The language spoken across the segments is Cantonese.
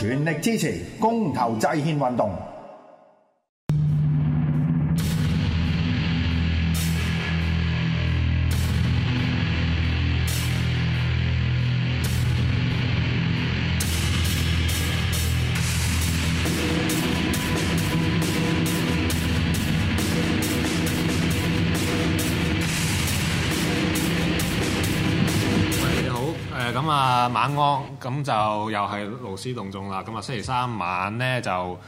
全力支持公投制憲運動。咁啊，晚安，咁就又係勞思動眾啦。咁啊，星期三晚咧就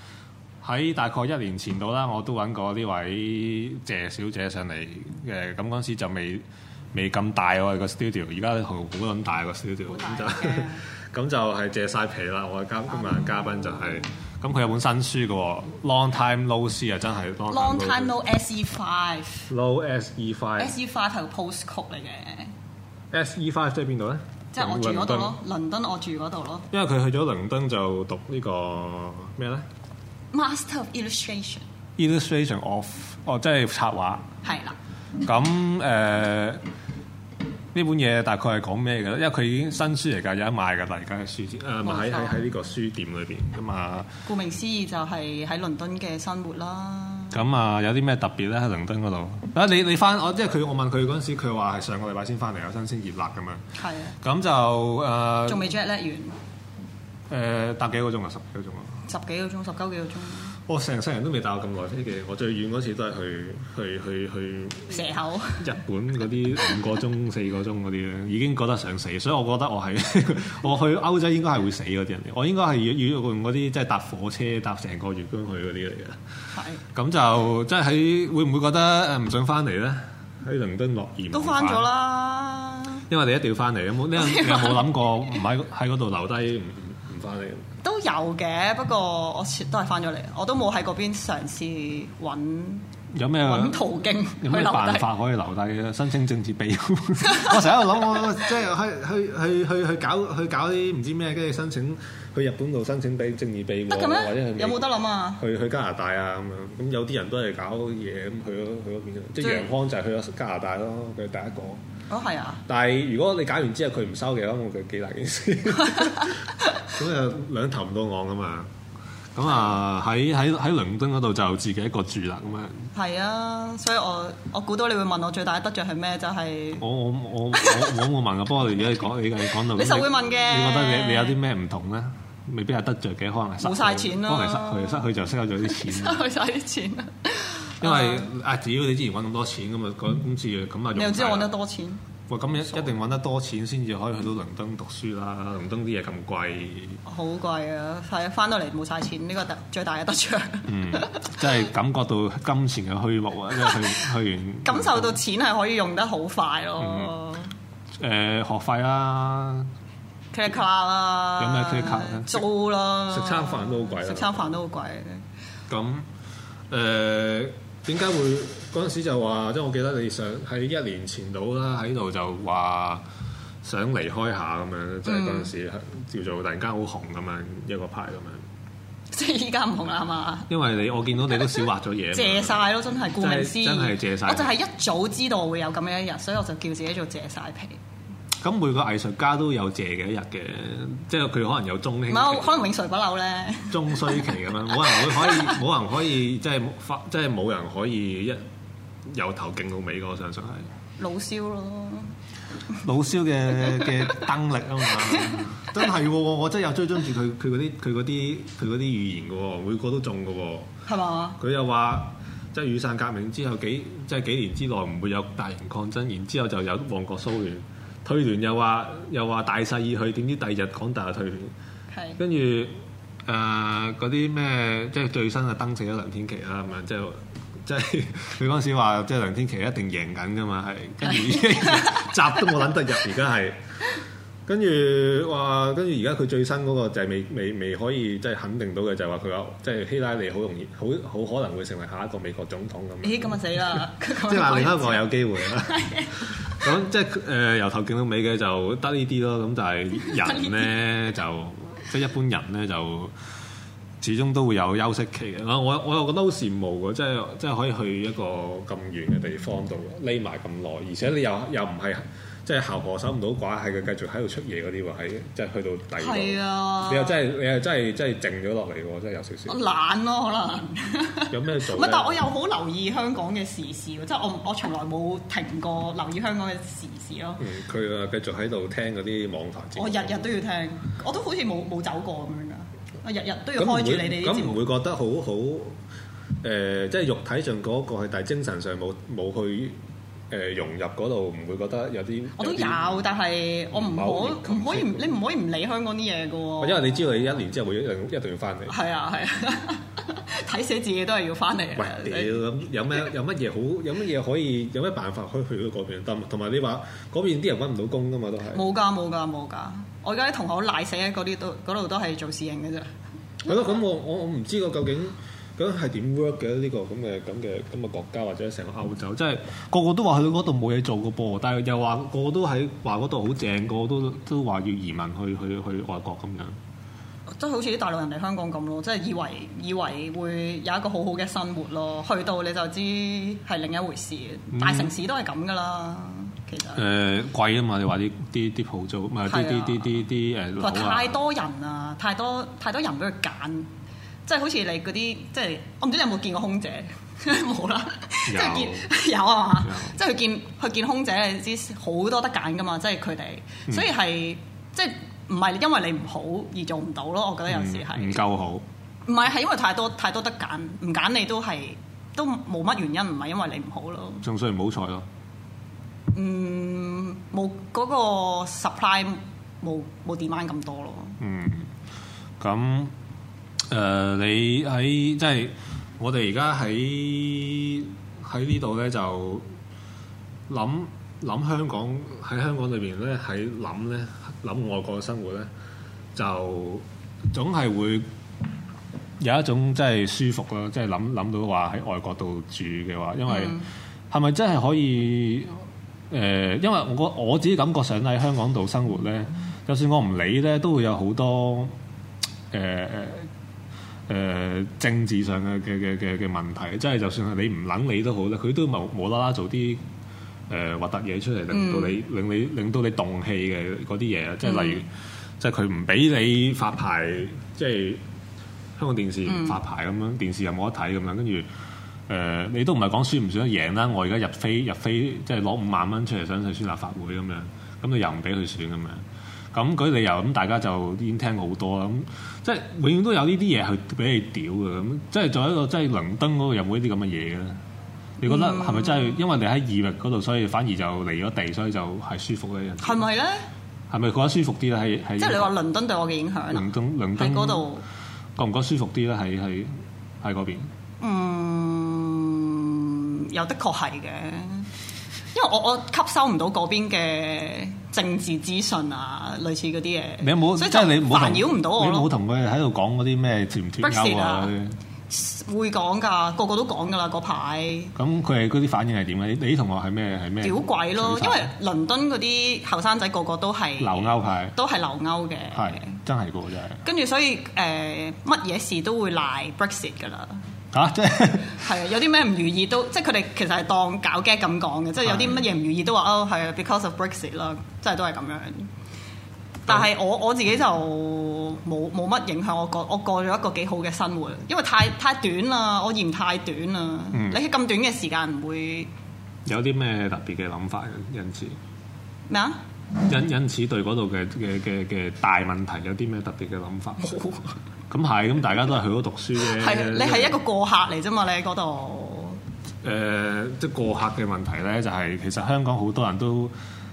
喺大概一年前度啦。我都揾過呢位謝小姐上嚟嘅。咁嗰陣時就未未咁大喎個 studio，而家好鬼咁大個 studio 大。咁就咁 okay. 就係謝曬皮啦。我嘅嘉今日嘉賓就係、是、咁。佢、mm hmm. 有本新書嘅《time C not, Long Time No See》啊，真係 Long Time No S E Five。No S E SE Five。S E Five 係個 post code 嚟嘅。S E Five 即係邊度咧？即係我住嗰度咯，倫敦，倫敦我住嗰度咯。因為佢去咗倫敦就讀、呢個、呢個咩咧？Master of Illustration，Illustration Illust of 哦，即係插畫。係啦的。咁誒呢本嘢大概係講咩嘅咧？因為佢已經新書嚟㗎，有得賣㗎嘛，而家嘅書店喺喺喺呢個書店裏邊㗎嘛。顧名思義就係喺倫敦嘅生活啦。咁啊，有啲咩特別咧？喺倫敦嗰度啊？你你翻我即係佢，我問佢嗰陣時，佢話係上個禮拜先返嚟，有新鮮熱辣咁樣。係啊的。咁就誒，仲未 jet lag 完。誒、呃，搭幾個鐘啊？十幾個鐘啊？十幾個鐘，十鳩幾個鐘。我成世人都未搭過咁耐飛機嘅。我最遠嗰次都係去去去去蛇口、日本嗰啲五個鐘、 四個鐘嗰啲咧，已經覺得想死，所以我覺得我係 我去歐洲應該係會死嗰啲人嚟，我應該係要要用嗰啲即係搭火車搭成個月咁去嗰啲嚟嘅。咁是就即係喺會唔會覺得唔想翻嚟咧？喺倫敦落鹽都翻咗啦。因為你一定要翻嚟，有冇有冇諗過唔喺喺嗰度留低唔唔唔翻嚟？都有嘅，不過我都係翻咗嚟，我都冇喺嗰邊嘗試揾有咩揾途徑，有咩辦法可以留低嘅申請政治庇護。 我成日喺度諗，我即係去去去去去搞去搞啲唔知咩，跟住申請去日本度申請俾政治庇護，嗎或者有冇得諗啊？去去加拿大啊咁樣，咁有啲人都係搞嘢咁去咗去咗邊即係楊康就係去咗加拿大咯，佢第一個。哦，係啊！但係如果你搞完之後佢唔收嘅話，我覺得幾大件事。咁又兩頭唔到岸噶嘛？咁啊， 喺喺喺倫敦嗰度就自己一個住啦咁樣。係啊，所以我我估到你會問我最大得着係咩？就係、是、我我我我我冇問啊。不過 如果你講起嘅，你你講到你就 會問嘅。你覺得你你有啲咩唔同咧？未必係得着嘅，可能冇曬錢咯。可能失去失去就失去咗啲錢，冇曬啲錢。因為啊，只要你之前揾咁多錢，咁嘛，工工資啊，咁啊，又知揾得多錢。喂，咁一一定揾得多錢先至可以去到倫敦讀書啦。倫敦啲嘢咁貴。好貴啊！係啊，翻到嚟冇晒錢，呢個最大嘅得著。即真係感覺到金錢嘅虛無啊！因為去去完。感受到錢係可以用得好快咯。誒，學費啦，credit card 啦，有咩 credit card 租啦，食餐飯都好貴，食餐飯都好貴。咁誒。點解會嗰陣時就話，即係我記得你想喺一年前度啦，喺度就話想離開下咁樣，即係嗰陣時叫、嗯、做突然間好紅咁樣一個牌咁樣。即係依家唔紅啦，係嘛？因為你我見到你都少畫咗嘢。謝晒咯，真係顧名思義。真係謝曬。我就係一早知道會有咁樣一日，所以我就叫自己做謝曬皮。咁每個藝術家都有謝嘅一日嘅，即係佢可能有中興，唔係可能永垂不朽咧，中衰期咁樣，冇人會可以，冇 人可以即係發，即係冇人可以一由頭勁到尾。我相信係老蕭咯，老蕭嘅嘅燈力啊嘛， 真係我真係有追蹤住佢佢嗰啲佢啲佢啲語言噶喎，每個都中噶喎，係咪啊？佢又話即係雨傘革命之後幾即係幾年之內唔會有大型抗爭，然之後就有旺角騷亂。推聯又話又話大勢已去，點知第二日港大又退聯？係跟住誒嗰啲咩，即係最新啊燈死咗梁天琦啦，咁樣，即係即係佢嗰陣時話，即、就、係、是就是、 梁天琦一定贏緊㗎嘛，係跟住集都冇撚得入，而家係。跟住話，跟住而家佢最新嗰個就係未未未、未可以即係肯定到嘅，就係話佢話即係希拉里好容易好好可能會成為下一個美國總統咁。咦、欸！咁啊死啦！即係難免香港有機會啦。咁即係誒由頭見到尾嘅就得呢啲咯。咁但係人咧 就即係、就係、一般人咧就始終都會有休息期嘅。我我又覺得好羨慕㗎，即係即係可以去一個咁遠嘅地方度匿埋咁耐，而且你又又唔係。即係姣婆守唔到寡，係佢繼續喺度出嘢嗰啲喎，喺即係去到第二度。係啊你，你又真係你又真係真係靜咗落嚟喎，真係有少少。懶咯、啊，可能。 有咩做？唔係，但我又好留意香港嘅時事喎，即係我我從來冇停過留意香港嘅時事咯。佢啊、嗯、繼續喺度聽嗰啲網台節目。我日日都要聽，我都好似冇冇走過咁樣㗎。我日日都要開住你哋啲節目。咁唔會覺得好好？誒、呃，即係肉體上嗰、嗰個但係精神上冇冇去。誒、呃、融入嗰度唔會覺得有啲，我都有，但係我唔可唔可以唔你唔可以唔擔理香港啲嘢嘅喎。 因為你知道你一年之後會一定一定要翻嚟。係啊係啊，睇死自己都係要翻嚟。喂，你咁有咩有乜嘢好有乜嘢可以有咩辦法可以去到嗰、 no、邊？同埋你話嗰邊啲人揾唔到工㗎嘛都係。冇㗎冇㗎冇㗎，我而家啲同學賴死喺嗰啲都度都係做侍應嘅啫。係 咯楽，咁我我我唔知個究竟。咁係點 work 嘅呢？個咁嘅咁嘅咁嘅國家或者成個歐洲，即係個個都話去到嗰度冇嘢做嘅噃，但係又話個個都喺話嗰度好正，個個都都話要移民去去去外國咁樣，即係好似啲大陸人嚟香港咁咯，即係以為以為會有一個好好嘅生活咯，去到你就知係另一回事。大、嗯、城市都係咁嘅啦，其實。誒貴啊嘛，你話啲啲啲鋪租，啲啲啲啲啲誒，太多人啊，太多太多人俾佢揀。即係好似你嗰啲，即係我唔知你有冇見過空姐，冇 啦了。有即係見有啊嘛，即係佢見佢見空姐，你知好多得揀㗎嘛。即係佢哋，嗯、所以係即係唔係因為你唔好而做唔到咯？我覺得有時係唔夠好，唔係係因為太多太多得揀，唔揀你都係都冇乜原因，唔係因為你唔好咯。仲衰唔好彩咯？嗯，冇嗰、嗰個 supply 冇冇 demand 咁多咯。嗯，咁。誒、呃，你喺即係我哋而家喺喺呢度咧，就諗諗香港喺香港裏邊咧，喺諗咧諗外國嘅生活咧，就總係會有一種即係舒服咯，即係諗諗到話喺外國度住嘅話，因為係咪、嗯、真係可以誒、呃？因為我我自己感覺上喺香港度生活咧，嗯、就算我唔理咧，都會有好多誒誒。呃呃誒、呃、政治上嘅嘅嘅嘅嘅問題，即、就、係、是、就算係你唔諗你好都好啦，佢都冇無啦啦做啲誒核突嘢出嚟，令、呃、到你令你令到你動氣嘅嗰啲嘢即係例如，即係佢唔俾你發牌，即、就、係、是、香港電視發牌咁、嗯、樣，電視又冇得睇咁樣，跟住誒你都唔係講選唔選得贏啦！我而家入飛入飛，即係攞五萬蚊出嚟想去選立法會咁樣，咁你又唔俾佢選咁樣。咁嗰理由咁，大家就已經聽過好多啦。咁、嗯、即係永遠都有呢啲嘢去俾你屌嘅。咁即係作為一個即係倫敦嗰、嗰個有冇呢啲咁嘅嘢嘅？你覺得係咪真係因為你喺異域嗰度，所以反而就離咗地，所以就係舒服咧？係咪咧？係咪覺得舒服啲咧？喺喺即係你話倫敦對我嘅影響啊？倫敦倫敦喺嗰度，覺唔覺得舒服啲咧？喺喺喺嗰邊？嗯，有的確係嘅，因為我我吸收唔到嗰邊嘅。政治資訊啊，類似嗰啲嘢，你唔好即係你唔煩擾唔到我咯。你冇同佢喺度講嗰啲咩啊，啊些會講噶，個個都講噶啦嗰排。咁佢係嗰啲反應係點咧？你啲同學係咩？係咩？屌鬼咯！因為倫敦嗰啲後生仔個個都係留歐派，都係留歐嘅，係真係噶真係。跟住所以誒，乜、呃、嘢事都會賴 Brexit 噶啦。嚇、啊！ 即係係啊，有啲咩唔如意都即係佢哋其實係當搞 gag 咁講嘅，即係有啲乜嘢唔如意都話哦係啊，because of Brexit 啦，即係都係咁樣。但係我我自己就冇冇乜影響，我過我過咗一個幾好嘅生活，因為太太短啦，我嫌太短啦。嗯、你喺咁短嘅時間唔會有啲咩特別嘅諗法？因此咩啊？麼因因此對嗰度嘅嘅嘅嘅大問題有啲咩特別嘅諗法？ 咁係，咁、嗯、大家都係去嗰度讀書嘅。係的，為你係一個過客嚟啫嘛？你喺嗰度。誒、呃，即係過客嘅問題咧、就是，就係其實香港好多人都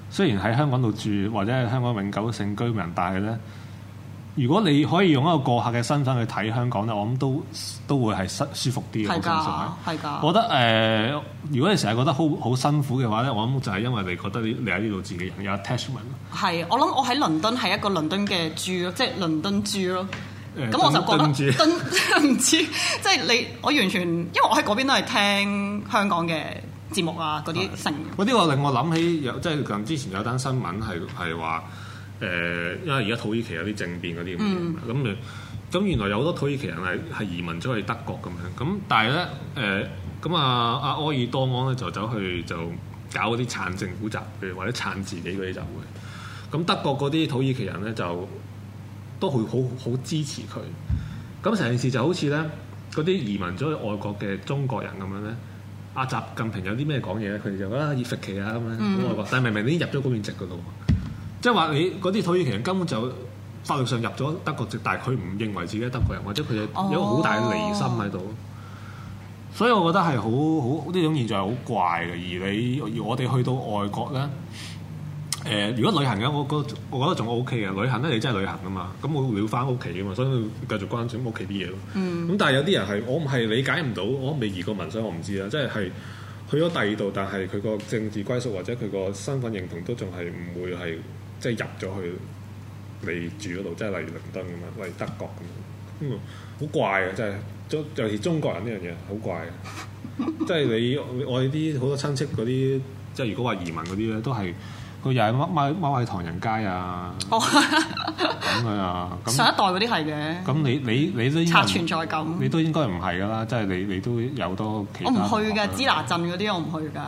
雖然喺香港度住，或者係香港永久性居民，但係咧，如果你可以用一個過客嘅身份去睇香港咧，我諗都都會係舒服啲嘅。係㗎的，係㗎。的我覺得誒、呃，如果你成日覺得好好辛苦嘅話咧，我諗就係因為你覺得你喺呢度自己人有 attachment。係，我諗我喺倫敦係一個倫敦嘅住，即、就、係、是、倫敦住咯。咁、嗯、我就覺得，唔 知，即、就、係、是、你，我完全，因為我喺嗰邊都係聽香港嘅節目啊，嗰啲成。嗰啲麼我令我諗起，有即係、就是、近之前有單新聞係係話，誒、呃，因為而家土耳其有啲政變嗰啲咁咁，原來有好多土耳其人係係移民咗去德國咁樣，咁但係咧，誒、呃，咁啊，阿埃爾多安咧就走去就搞嗰啲撐政府集嘅，或者撐自己嗰啲集會，咁德國嗰啲土耳其人咧就。都會好好支持佢。咁成件事就好似咧，嗰啲移民咗去外國嘅中國人咁樣咧。阿習近平有啲咩講嘢咧，佢哋就覺得啊，土耳其啊咁樣咁外國。嗯、但係明明已經入、就是、你入咗嗰邊籍嘅咯，即係話你嗰啲土耳其人根本就法律上入咗德國籍，但係佢唔認為自己係德國人，或者佢有有好大嘅離心喺度。哦、所以我覺得係好好呢種現象係好怪嘅。而你而我哋去到外國咧。誒、呃，如果旅行嘅我覺，我覺得仲 O K 嘅。旅行咧，你真係旅行噶嘛？咁我會要返屋企噶嘛，所以繼續關注屋企啲嘢咯。嗯。咁但係有啲人係，我唔係理解唔到，我未移過民，所以我唔知啦。即係係去咗第二度，但係佢個政治歸屬或者佢個身份認同都仲係唔會係即係入咗去你住嗰度，即係例如倫敦咁樣，例如德國咁樣，嗯、好怪啊！真係，尤其中國人呢樣嘢，好怪啊！ 即係你我哋啲好多親戚嗰啲，即係如果話移民嗰啲咧，都係。佢又係買買買係唐人街啊！哦，咁樣啊！上一代嗰啲係嘅。咁你你你都查存在感你，你都應該唔係㗎啦，即係你你都有多其他。我唔去㗎，支那鎮嗰啲我唔去㗎。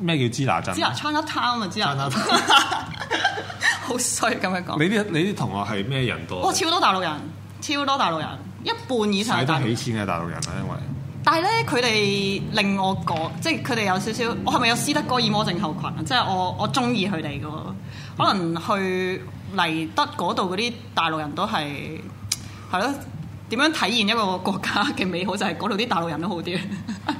咩叫支那鎮？支那餐一攤啊！支那。好衰咁樣講。你啲你啲同學係咩人多？哇、哦！超多大陸人，超多大陸人，一半以上。睇得起錢嘅大陸人啊，因為。但係咧，佢哋令我講，即係佢哋有少少，我係咪有斯德哥爾摩症候群啊？即係我我中意佢哋嘅，可能去嚟德嗰度嗰啲大陸人都係係咯，點樣體現一個國家嘅美好就係嗰度啲大陸人都好啲，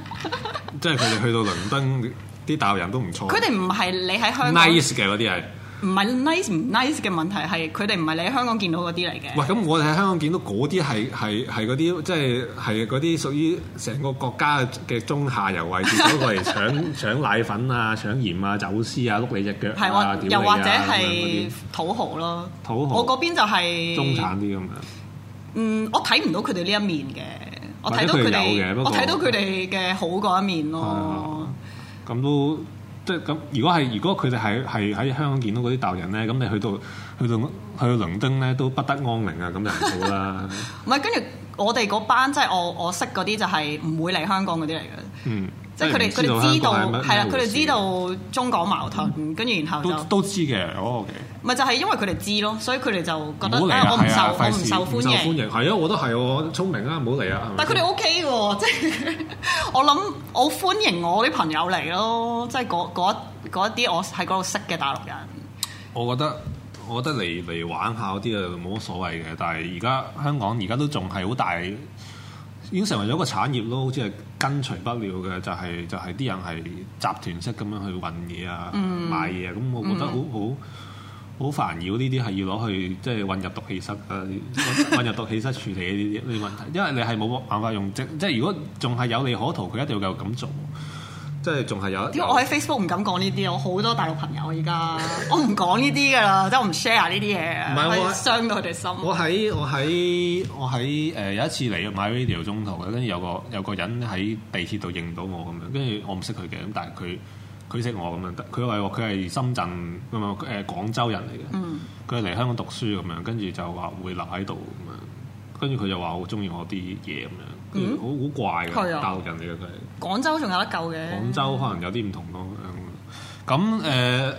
即係佢哋去到倫敦啲大陸人都唔錯，佢哋唔係你喺香港 nice 嘅嗰啲係。唔係 nice 唔 nice 嘅問題，係佢哋唔係你喺香港見到嗰啲嚟嘅。喂，咁我哋喺香港見到嗰啲係係係嗰啲，即係係嗰啲屬於成個國家嘅中下游位置，攞過嚟搶搶奶粉啊、搶鹽啊、走私啊、碌你隻腳啊、又或者係土豪咯。土豪。我嗰邊就係、是、中產啲咁樣。嗯，我睇唔到佢哋呢一面嘅，我睇到佢哋，我睇到佢哋嘅好嗰一面咯。咁、嗯、都。即係咁，如果係如果佢哋係係喺香港見到嗰啲大人咧，咁你去到去到去到倫敦咧都不得安寧啊，咁就唔好啦。唔係， 跟住我哋嗰班即係、就係、我我識嗰啲就係唔會嚟香港嗰啲嚟嘅。嗯。即係佢哋佢哋知道，係啦，佢哋知道中港矛盾，跟住然後都都知嘅，OK。唔係就係因為佢哋知咯，所以佢哋就覺得啊，我唔受我唔受歡迎？唔受歡迎係啊，我都係我聰明啊，唔好嚟啊！但係佢哋 OK 嘅，即係我諗我歡迎我啲朋友嚟咯，即係嗰一啲我喺嗰度識嘅大陸人。我覺得我覺得嚟嚟玩下嗰啲啊冇乜所謂嘅，但係而家香港而家都仲係好大。已經成為咗一個產業咯，好似係根除不了嘅，就係、是、就係、是、啲人係集團式咁樣去運嘢啊、嗯、買嘢啊，咁我覺得好好好煩擾。呢啲係要攞去即係混入毒氣室啊， 混入毒氣室處理呢啲呢啲問題，因為你係冇辦法用即係，即係、如果仲係有利可圖，佢一定要繼續咁做。即係仲係有。我喺 Facebook 唔敢講呢啲，我好多大陸朋友而家，我唔講呢啲㗎啦，即係我唔 share 呢啲嘢，唔係我傷到佢哋心。我喺我喺我喺誒、呃、有一次嚟買 radio 中途，跟住有個有個人喺地鐵度認到我咁樣，跟住我唔識佢嘅，咁但係佢佢識我咁樣，佢話佢係深圳唔係誒廣州人嚟嘅，佢嚟、嗯、香港讀書咁樣，跟住就話會留喺度咁樣，跟住佢就話好中意我啲嘢咁樣，好好怪嘅、嗯、大陸人嚟嘅佢。廣州仲有得救嘅，廣州可能有啲唔同咯。咁誒，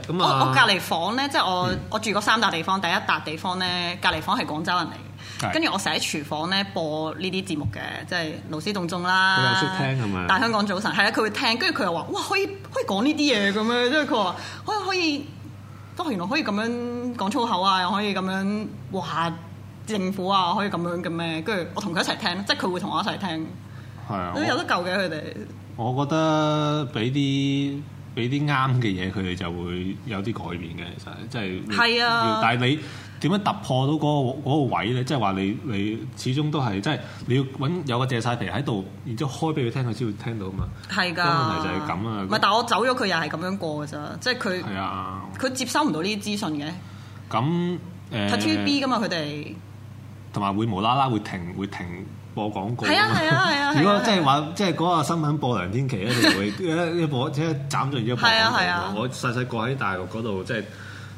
咁啊，我我隔離房咧，即係我我住嗰三笪地方，第一笪地方咧，隔離房係廣州人嚟，跟住我成日喺廚房咧播呢啲節目嘅，即係《勞思動眾》啦，佢又識聽係咪？但係香港早晨係咧，佢會聽，跟住佢又話：哇，可以可以講呢啲嘢嘅咩？即係佢話可以可以，都原來可以咁樣講粗口啊，又可以咁樣話政府啊，可以咁樣咁咩？跟住我同佢一齊聽，即係佢會同我一齊聽。係啊！我有得救嘅佢哋。們我覺得俾啲俾啲啱嘅嘢，佢哋就會有啲改變嘅，其實即係。係啊的！但係你點樣突破到嗰、那、嗰、個那個位咧？即係話你你始終都係即係你要揾有個借晒皮謝曬皮喺度，然之後開俾佢聽，佢先會聽到嘛。係㗎的、啊。就係咁啊！唔係的，但係我走咗，佢又係咁樣過㗎咋。即係佢，佢接收唔到呢啲資訊嘅。咁誒，TVB 㗎嘛，佢哋同埋會無啦啦會停會停。會停播廣告，係啊係啊係啊！如果即係話即係嗰個新聞播梁天琦咧，就會一播即係斬咗，而家播廣告。 我細細個喺大陸嗰度，即係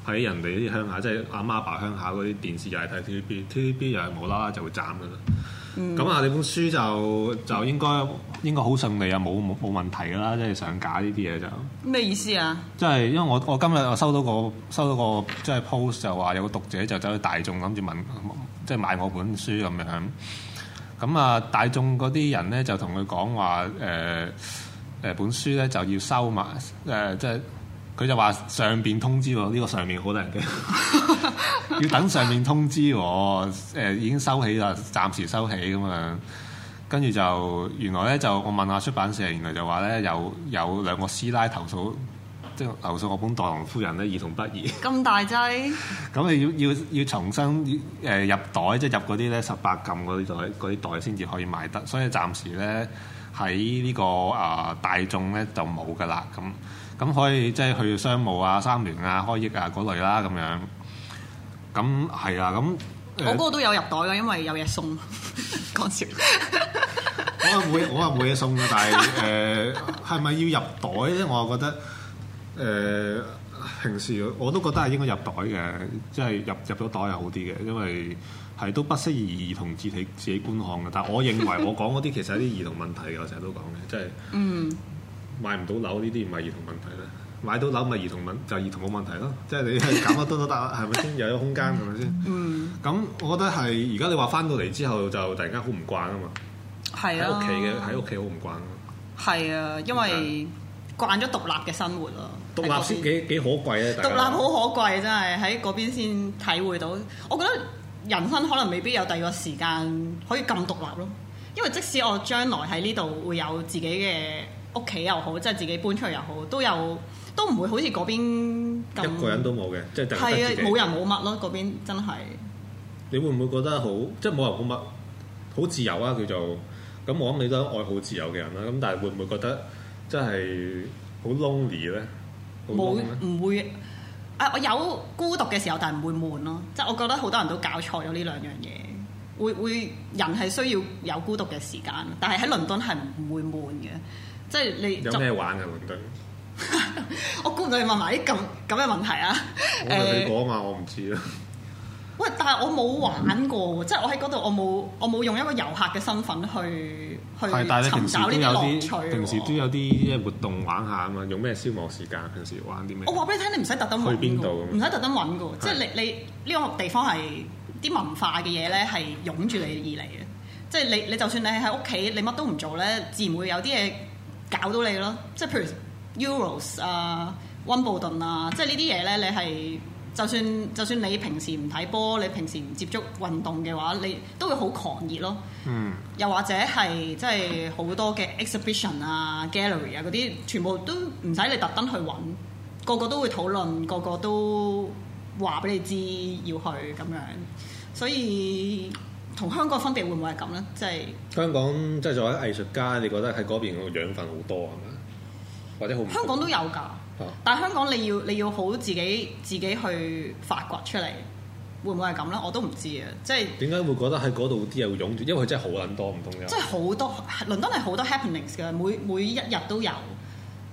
喺人哋啲鄉下，即係阿媽阿爸鄉下嗰啲電視 TV, TV 又係睇 T V B，T V B 又係無啦啦就會斬噶啦。咁啊、嗯，你本書就就應該應該好順利啊，冇冇冇問題啦，即係上架呢啲嘢就咩、是、意思啊？即係因為我我今日收到個收到個即係 post 就話有個讀者就走去大眾諗住問，即、就、係、是、買我本書咁樣。咁啊，大眾嗰啲人咧就同佢講話，誒、呃、誒本書咧就要收埋，誒即係佢就話、是、上邊通知喎，呢、呢個上面好多人嘅， 要等上面通知喎、呃，已經收起啦，暫時收起咁樣，跟住就原來咧就我問下出版社，原來就話咧有有兩個師奶投訴。即係留數我本代糖夫人咧，兒童不宜。咁大劑？咁啊 要要要重新誒、呃、入袋，即係入嗰啲咧十八禁嗰啲袋，啲袋先至可以賣得。所以暫時咧喺呢、這個啊、呃、大眾咧就冇噶啦。咁咁可以即係去商務啊、三聯啊、開益啊嗰類啦。咁樣咁係啊咁。我嗰個都有入袋㗎，因為有嘢送。講笑。 我係冇，我係冇嘢送嘅，但係誒係咪要入袋咧？我覺得。誒平時我都覺得係應該入袋嘅，即係入入咗袋又好啲嘅，因為係都不適宜兒童自己自己觀看嘅。但係我認為我講嗰啲其實係啲兒童問題嘅，我成日都講嘅，即係，嗯，買唔到樓呢啲唔係兒童問題啦，買到樓咪兒童問題就兒童冇問題咯，即係你係減得多都得啦，係咪先？又有空間係咪先？嗯，咁我覺得係而家你話翻到嚟之後就突然間好唔慣啊嘛，係啊，屋企嘅喺屋企好唔慣啊，係啊，因為。習慣咗獨立嘅生活咯，獨立先幾幾可貴啊？獨立好可貴，真係喺嗰邊先體會到。我覺得人生可能未必有第二個時間可以咁獨立咯。因為即使我將來喺呢度會有自己嘅屋企又好，即係自己搬出去又好，都有都唔會好似嗰邊咁一個人都冇嘅，即係係啊冇人冇乜咯。嗰邊真係你會唔會覺得好即係冇人冇乜，好自由啊？叫做咁，我諗你都愛好自由嘅人啦。咁但係會唔會覺得？真係好 lonely 咧，冇，唔會啊！我有孤獨嘅時候，但係唔會悶咯。即係我覺得好多人都搞錯咗呢兩樣嘢。會會人係需要有孤獨嘅時間，但係喺倫敦係唔會悶嘅。即係你有咩玩嘅倫敦？ 我估唔到你問埋啲咁咁嘅問題啊！我係你講啊，我唔知啦。喂，但係我冇玩過喎，即係 我喺嗰度，我冇我冇用一個遊客嘅身份去。係，但係你平時都有啲，平時都有啲咩活動玩下啊嘛？嗯、用咩消磨時間？平時玩啲咩？我話俾你聽，你唔使特登去邊度，唔使特登揾嘅，的即係你你呢、呢個地方係啲文化嘅嘢咧，係湧住你而嚟嘅。的即係你你就算你喺屋企，你乜都唔做咧，自然會有啲嘢搞到你咯。即係譬如 Euros 啊、溫布頓啊，即係呢啲嘢咧，你係。就算就算你平時唔睇波，你平時唔接觸運動嘅話，你都會好狂熱咯。嗯。又或者係即係好多嘅 exhibition 啊、gallery 啊嗰啲，全部都唔使你特登去揾，個個都會討論，個個都話俾你知要去咁樣。所以同香港分別會唔會係咁呢？即係香港即係作為藝術家，你覺得喺嗰邊個養分好多啊？或者好香港都有㗎。但香港你要你要好自己自己去發掘出嚟，會唔會係咁咧？我都唔知啊！即係點解會覺得喺嗰度啲嘢會湧住？因為佢真係好撚多唔同嘅，即係好多倫敦係好多 happenings 嘅，每每一日都有。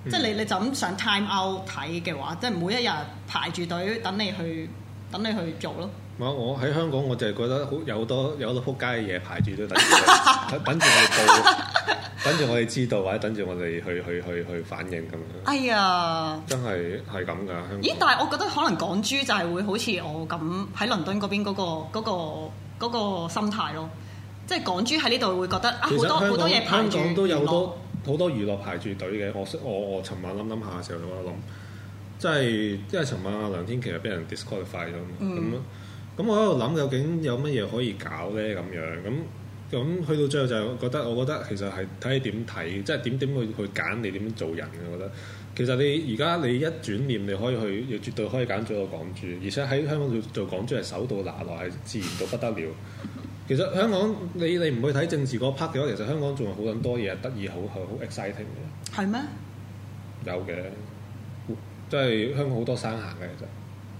即係、嗯、你你就咁上 time out 睇嘅話，即係每一日排住隊等你去等你去做咯。我喺香港，我就係覺得好有好多有好多撲街嘅嘢排住都等住，等住我哋報，等住我哋知道或者等住我哋去去去去反應咁樣。哎呀，真係係咁噶。香港咦？但係我覺得可能港豬就係會好似我咁喺倫敦嗰邊嗰個嗰個嗰個心態咯，即係港豬喺呢度會覺得啊，好多好多嘢排住。香港都有好多好多娛樂排住隊嘅。我我我尋晚諗諗下嘅時候，我諗即係因為尋晚阿梁天琪又俾人 disqualified 咗。咁我喺度諗究竟有乜嘢可以搞咧？咁樣咁咁去到最後就覺得，我覺得其實係睇你點睇，即係點點去去揀你點樣做人嘅。我覺得其實你而家你一轉念，你可以去，你絕對可以揀做一個港豬，而且喺香港做港豬係手到拿來，係自然到不得了。其實香港你你唔去睇政治嗰 part 嘅話，其實香港仲有好多嘢得意，好好好 exciting 嘅。係咩？嗎有嘅，即係香港好多山行嘅，其實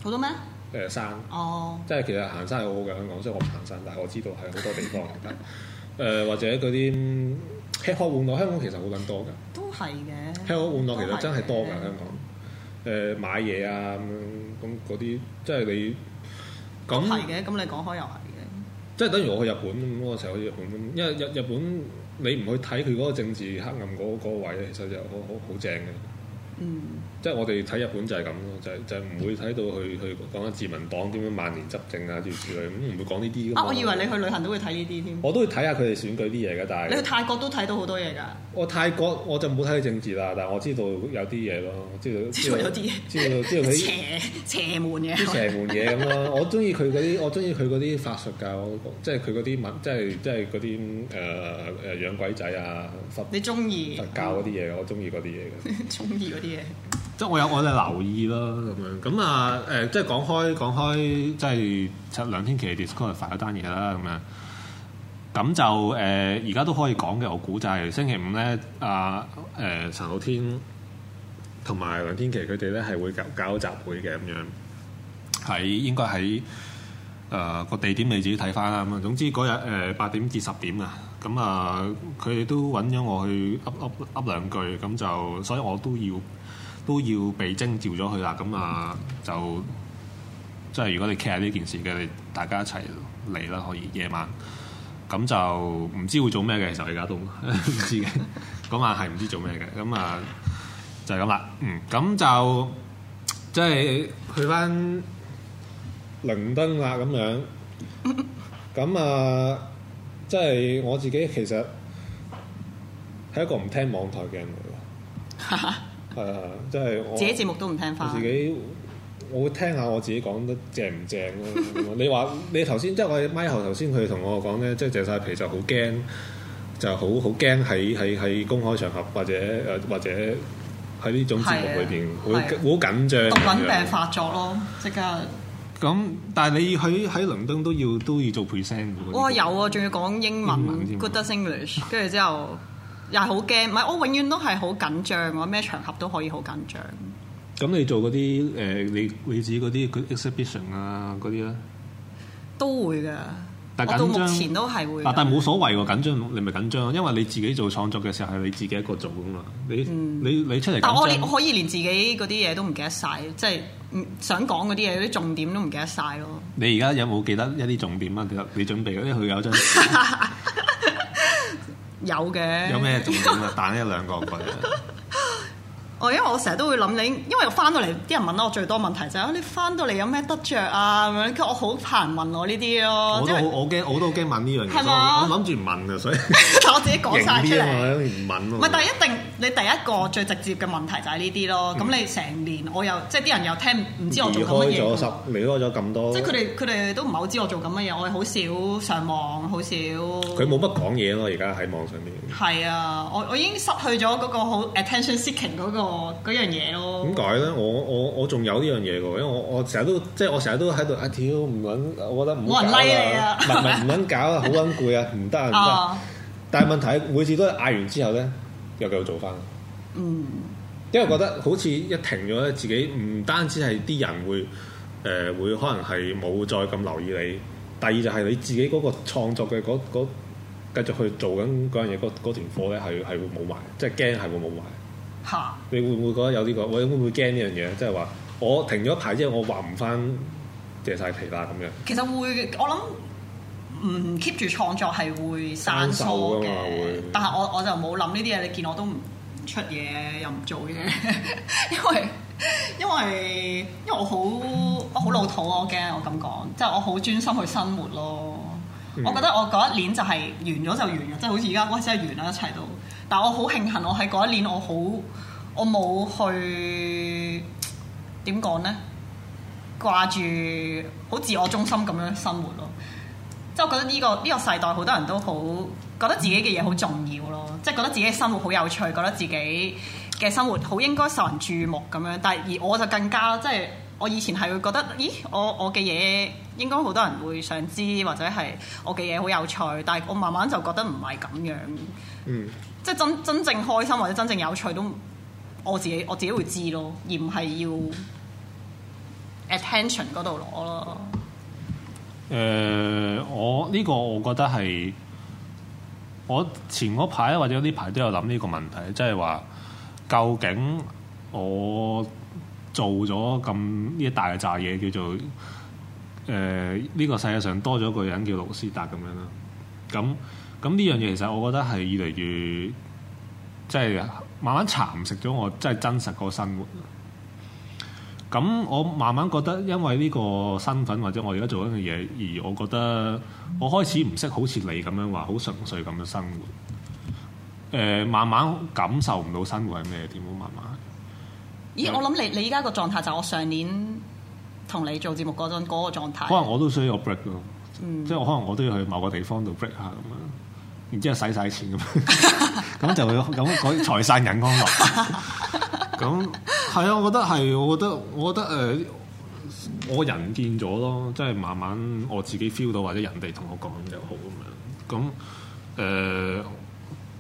好多咩？誒山，oh. 即係其實行山係好好嘅。香港，雖然我唔行山，但係我知道係好多地方嚟㗎。誒、 呃、或者嗰啲吃喝玩樂，香港其實好撚多嘅。都係嘅。吃喝玩樂其實真係多嘅，香港。誒、呃、買嘢啊咁樣咁嗰啲，即係你咁係嘅。咁你講開又係嘅。即係等於我去日本咁嗰個時候去日本因為日日本你唔去睇佢嗰個政治黑暗嗰嗰個位，其實就好好好正嘅。嗯。即係我哋睇日本就係咁咯，就係就係唔會睇到去去講緊自民黨點樣萬年執政啊之類咁，唔會講呢啲。我以為你去旅行都會睇呢啲添。我都會睇下佢哋選舉啲嘢㗎，但係你去泰國都睇到好多嘢㗎。我泰國我就冇睇佢政治啦，但係我知道有啲嘢咯，我知道知道有啲嘢，知道知道佢邪邪門嘢，邪門嘢咁咯。我中意佢嗰啲，我中意佢嗰啲法術教，即係佢嗰啲文，即係即係嗰啲誒誒養鬼仔啊。佛你中意佛教嗰啲嘢，我中意啲嘢嘅，中意嗰啲嘢。即係我有我哋留意啦，咁樣咁啊，誒、呃，即係講開講開，即係梁天琦嘅 Discord 發咗單嘢啦，咁樣咁就誒，而、呃、家都可以講嘅。我估就係星期五咧，阿、呃、誒、呃、陳浩天同埋梁天琦佢哋咧係會搞搞集會嘅，咁樣喺應該喺誒個地點你自己睇返啦。咁啊，總之嗰日誒八點至十點啊，咁啊，佢、呃、哋都揾咗我去噏噏噏兩句，咁就所以我都要。都要被徵召咗去啦，咁啊就即係如果你 care 下呢件事嘅，大家一齊嚟啦，可以夜晚。咁就唔知會做咩嘅，其實而家都唔知嘅。嗰 晚係唔知做咩嘅，咁啊就係咁啦。嗯，咁就即係去翻倫敦啊，咁樣。咁啊，即係我自己其實係一個唔聽網台嘅人嚟嘅。 係啊，即係我自己節目都唔聽翻。我自己我會聽下我自己講得正唔正咯。你話你頭先即係我嘅麥後頭先佢同我講咧，即係謝曬皮就好驚，就好好驚喺喺喺公開場合或者誒或者喺呢種節目裏邊，我好緊張。毒品病發作咯，即刻！咁但係你喺喺倫敦都要都要做 presentation 哇，有啊，仲要講英文，good English，跟住之後。又係好驚，唔係我永遠都係好緊張，我咩場合都可以好緊張。咁你做嗰啲誒，你你指嗰啲 exhibition 啊，嗰啲咧都會㗎。但到目前都係會但，但係冇所謂喎緊張，你咪緊張因為你自己做創作嘅時候係你自己一個做㗎嘛。你、嗯、你你，你出嚟。但我可以，可以連自己嗰啲嘢都唔記得晒，即係想講嗰啲嘢嗰啲重點都唔記得晒咯。你而家有冇記得一啲重點啊？其實你準備因為佢有張。 有嘅，有咩重點啊？彈一兩個過嚟。 因為我成日都會諗你，因為翻到嚟啲人問我，我最多問題就係、是、你翻到嚟有咩得着啊咁樣，我好怕人問我呢啲咯。我為我我驚，我都驚問呢樣嘢。係嘛吧？我諗住唔問啊，所以。 但我自己講晒出嚟，唔問 但係一定你第一個最直接嘅問題就係呢啲咯。咁、嗯、你成年我又即係啲人又聽唔知我做緊乜嘢。離開咗咁多。即係佢哋佢哋都唔係好知我做緊乜嘢，我哋好少上網，好少。佢冇乜講嘢咯，而家喺網上面。係啊，我我已經失去咗嗰個好 attention seeking 嗰、那個。嗰、哦、樣嘢咯，點解咧？我我我仲有呢樣嘢嘅，因為我我成日都即係我成日都喺度，哎屌唔撚，我覺得唔好唔撚搞啊，好撚攰啊，唔得啊！哦、但係問題每次都係嗌完之後咧，又繼續做翻。嗯，因為覺得好似一停咗咧，自己唔單止係啲人會誒、呃、會可能係冇再咁留意你，第二就係你自己嗰個創作嘅嗰嗰繼續去做緊嗰樣嘢嗰嗰條貨咧，係係會冇埋，即係驚係會冇埋。嚇！你會唔會覺得有啲、呢個？我會唔會驚呢樣嘢？即係話我停咗一排，之後我畫唔翻謝曬皮啦咁樣。其實會，我諗唔 keep 住創作係會生疏嘅。會，但係我我就冇諗呢啲嘢。你見我都唔出嘢，又唔做嘢，因為因為因為我好好、嗯、老土，啊。我驚我咁講，即、就、係、是、我好專心去生活咯。嗯、我覺得我嗰一年就係完咗就完嘅，即、就、係、是、好似而家我真係完啦，一齊都。但我好慶幸，我喺嗰一年我好，我冇去點講呢，掛住好自我中心咁樣生活咯。即係我覺得呢個呢個世代好多人都好覺得自己嘅嘢好重要咯，即係覺得自己嘅生活好有趣，覺得自己嘅生活好應該受人注目咁樣。但係而我就更加即係我以前係會覺得，咦，我我嘅嘢應該好多人會想知，或者係我嘅嘢好有趣。但係我慢慢就覺得唔係咁樣。嗯。即係真真正，開心或者真正有趣都我自己，我自己會知咯，而唔係要 attention 嗰度攞咯。誒、呃，我呢、呢個我覺得係我前嗰排或者呢排都有諗呢個問題，即係話究竟我做咗咁呢一大扎嘢叫做誒呢、呃，呢個世界上多咗一個人叫盧斯達咁樣啦，咁。咁呢樣嘢其實我覺得係越嚟越即係慢慢蠶食咗我，真係真實個生活。咁我慢慢覺得，因為呢個身份或者我而家做緊嘅嘢，而我覺得我開始唔識好似你咁樣話，好純粹咁樣生活。誒、呃，慢慢感受唔到生活係咩？點樣慢慢？咦、欸！為我諗你你依家個狀態就我上年同你做節目嗰陣嗰個狀態。可能我都需要我 break 咯，嗯、即係我可能我都要去某個地方度 break 下咁樣。然之後使晒錢咁，咁 就會咁講財散人安樂。咁 係啊，我覺得係，我覺得我覺得誒、呃，我人變咗咯，即係慢慢我自己 feel 到，或者人哋同我講又好咁樣。咁誒，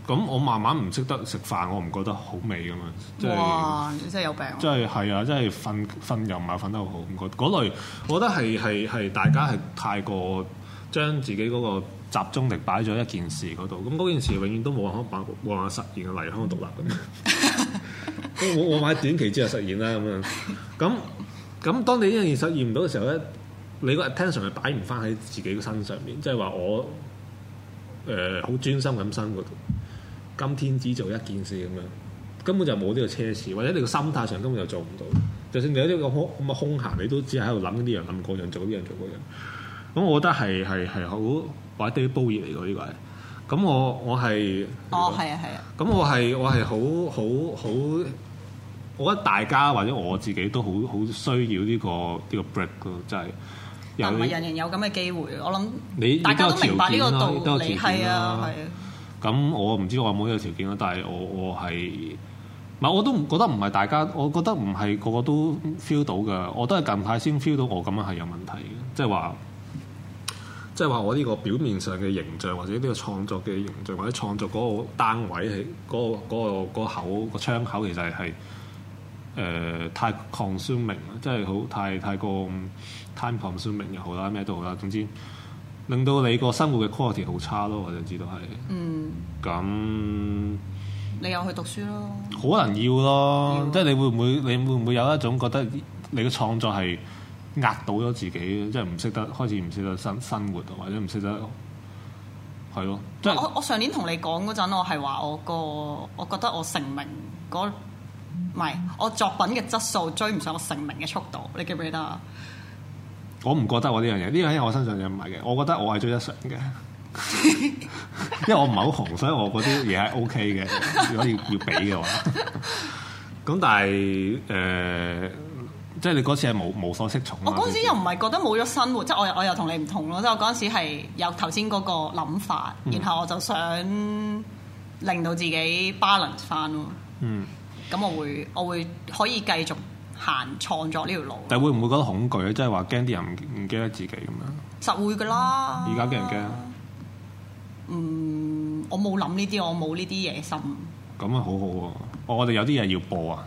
咁、呃、我慢慢唔識得食飯，我唔覺得好味咁樣。哇！你、就是、即係有病。即係係啊！即係瞓瞓又唔係瞓得好好，嗰類，我覺得係係係大家係太過將自己嗰、那個。集中地擺咗一件事嗰度，咁嗰件事永遠都冇辦法冇法實現嘅，例如香港獨立咁。 我我買短期之後實現啦咁樣。咁咁當你呢樣嘢實現唔到嘅時候咧，你個 attention 係擺唔翻喺自己嘅身上面，即係話我誒好、呃、專心咁生活，今天只做一件事咁樣，根本就冇呢個奢侈，或者你個心態上根本就做唔到。就算你有啲個咁嘅空閒，你都只係喺度諗呢樣諗嗰樣做呢樣做嗰樣。咁我覺得係係係好。擺地煲嘢嚟嘅呢個係，咁我我係哦係啊係啊，咁我係我係好好好，我覺得大家或者我自己都好好需要呢個呢個 break 咯，真係又唔係人人有咁嘅機會，我諗你大家都明白呢個道理，係啊係啊，咁我唔知我有冇呢個條件啦，但係我我係唔係我都覺得唔係大家，我覺得唔係個個都 feel 到嘅，我都係近排先 feel 到我咁樣係有問題嘅，即係話。即係話我呢個表面上嘅形象，或者呢個創作嘅形象，或者創作嗰個單位，喺、嗰、嗰個嗰、嗰個、口、嗰個窗口，其實係誒、呃、太 consuming，即係好太太過 time-consuming 又好啦，咩都好啦，總之令到你個生活嘅 quality 好差咯，我就知道係。嗯，咁那你又去讀書咯？可能要咯，要即係你會唔會你會唔會有一種覺得你嘅創作係？壓倒咗自己，即係唔識得開始唔識得生生活，或者唔識得係咯。即係我、就是、我，我上年同你講嗰陣，我係話我個，我覺得我成名嗰，唔係我作品嘅質素追唔上我成名嘅速度，你記唔記得啊？我唔覺得我呢樣嘢，呢樣嘢喺我身上又唔係嘅。我覺得我係追得上嘅， 因為我唔係好紅，所以我嗰啲嘢係 O K 嘅。 如果要要俾嘅話，咁 但係誒。呃即係你嗰次係無，無所適從啊。我嗰陣時又唔係覺得冇咗生活，即係我我又同你唔同咯，即係我嗰陣時係有頭先嗰個諗法，嗯、然後我就想令到自己 balance 翻咯。嗯，咁我會我會可以繼續行創作呢條路。但係會唔會覺得恐懼咧？即係話驚啲人唔唔記得自己咁樣？實會噶啦。而家驚唔驚？嗯，我冇諗呢啲，我冇呢啲野心。咁啊，好好喎！我我哋有啲嘢要播啊。